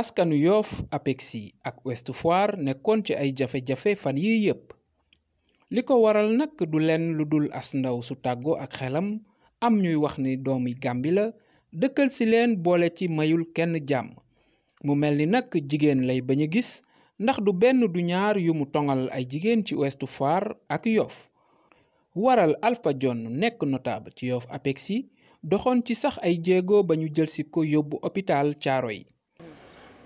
askanu Yoff APEXI ak Ouest Foire nekkoon ci ay jafe-jafe fan yi yépp li waral nak du ludul lu dul as ndaw su tàggoo ak xelam am ñuy wax ni doomi gambi la dëkkal si leen boole ci mayul kenn jàmm mu mel ni nag jigéen lay bañ gis ndax du benn du ñaar yu mu tongal ay jigéen ci Ouest ak Yoff waral Alpha John nekk notable ci Yoff APEXI doxoon ci sax ay jéego ba ñu jëlsi ko yóbbu hôpital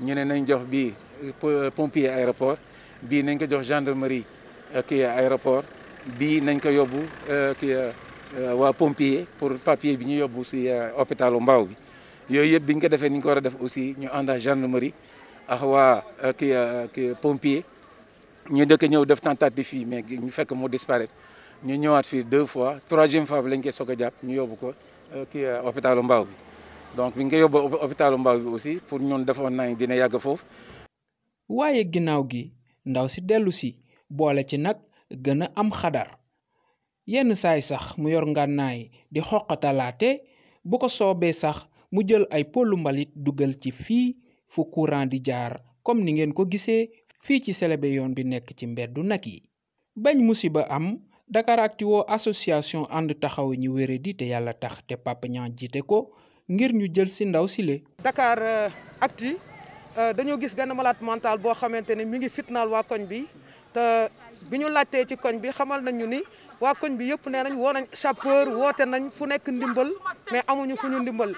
ñu ne nañ jox bii pompier aéroport bii nañ ko jox gendarmerie euh, kii aéroport bii nañ ko yóbbu euh, ki euh, waa pompier pour papier bi ñu yóbbu si hôpitalu Mbao bi yooyu yëpp biñ ko defee ni ñu ko war a def aussi ñu ànd ak gendarmerie ak waa kii kii pompier ñu dëkk ñëw def tentative fii mais ñu fekk mu disparaître ñu ñëwaat fii deux fois troisième fois bi lañ koy soog a jàpp ñu yóbbu ko kii hôpitalu Mbao bi donc bi ñu koy hôpital mbaw bi aussi pour ñun defoon nañ dina yàgg foofu. waaye ginnaaw gi ndaw si dellu si boole ci nag gën am xadar yenn saay sax mu yor ngànnaay di xoqatalaate bu ko soobee sax mu jël ay pollu mbalit dugal ci fii fu courant di jaar comme ni ngeen ko gisee fii ci Selebe Yoon bi nekk ci mbeddu nag yi bañ musiba am Dakaractu woo association ànd taxaw ñi wéré di te yàlla tax te Papa ko ngir ñu jël si ndaw si le Dakar euh, Actu euh, dañoo gis benn malade mental boo xamante ne mi ngi fitnaal waa koñ bi te bi ñu laajtee ci koñ bi xamal nañ ñu ni waa koñ bi yëpp nee nañ woo nañ sapeur woote nañ fu nekk ndimbal mais amuñu fu ñu ndimbal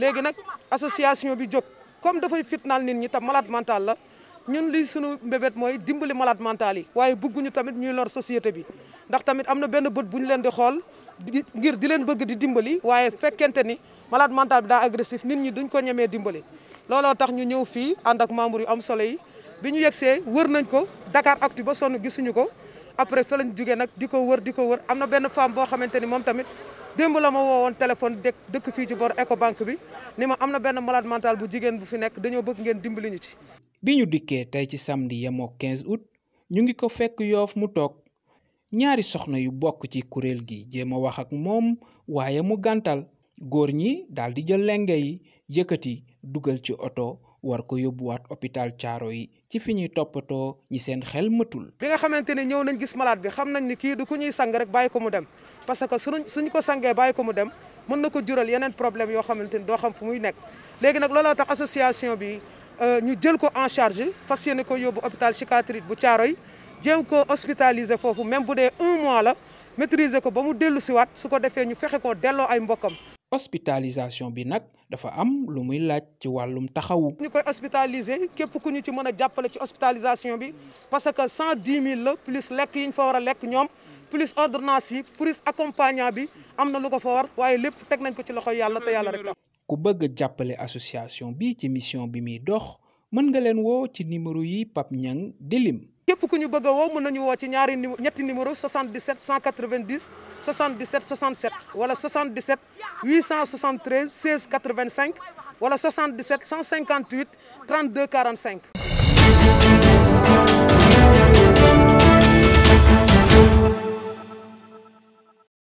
léegi nag association bi jóg comme dafay fitnaal nit ñi tam malaat mental la ñun li suñu mbébét mooy dimbali malade mental yi waaye bëgguñu tamit ñuy lor société bi ndax tamit am na benn bët bu ñu leen di xool ngir di leen bëgg di dimbali waaye fekkente ni malade mental da agresif agressif nit ñi duñ ko ñemee dimbali looloo tax ñu ñëw fii ànd ak membre yu am solo yi wër nañ ko Dakar Actu ba sonn gisuñu ko après fa lañ jugee nag di ko wër di wër benn femme ni tamit démb la ma dek téléphone dëkk dëkk fii ci bor Ecobank bi ni ma am na benn malade mental bu jigéen bu fi nekk dañoo bëgg ngeen dimbali ñu ci. bi ñu dikkee ci samedi yemoo 15 août ñu ngi ko fekk yoof mu toog ñaari soxna yu bokk ci kuréel gi wax ak mu góor ñi daal di jël lenge yi dugal ci oto war ko yóbbuwaat hôpital caaro yi ci fi ñuy toppatoo ñi seen xel mëtul. bi nga xamante ni ñëw nañ gis malade bi xam nañ ni kii du ko ñuy sang rek bàyyi ko mu dem parce que su suñ suñ ko sangee bàyyi ko mu dem mën na ko jural yeneen problème yoo xamante ni doo xam fu muy nekk léegi nag looloo tax association bi euh, ñu jël ko en charge fas yéene ko yóbbu hôpital psychiatrique bu caaro yi jéem ko hospitaliser foofu même bu dee un mois la maîtriser ko ba mu dellu siwaat su ko defee ñu fexe ko delloo ay mbokkam. hospitalisation bi nag dafa am lu muy laaj ci wàllum taxawu. ñu koy hospitaliser képp ku ñu ci mën a jàppale ci hospitalisation bi parce que cent dix mille la plus lekk yi ñu fa war a lekk ñoom plus ordonnance yi plus accompagnant bi am na lu ko fa war waaye lépp teg nañ ko ci loxo yàlla te yàlla rek la ku bëgg jàppale association bi ci mission bi muy dox mën nga leen woo ci numéro yi Pape Niang di Nous avons un numéro 77 190 77 67 voilà 77 873 16 85 voilà 77 158 32 45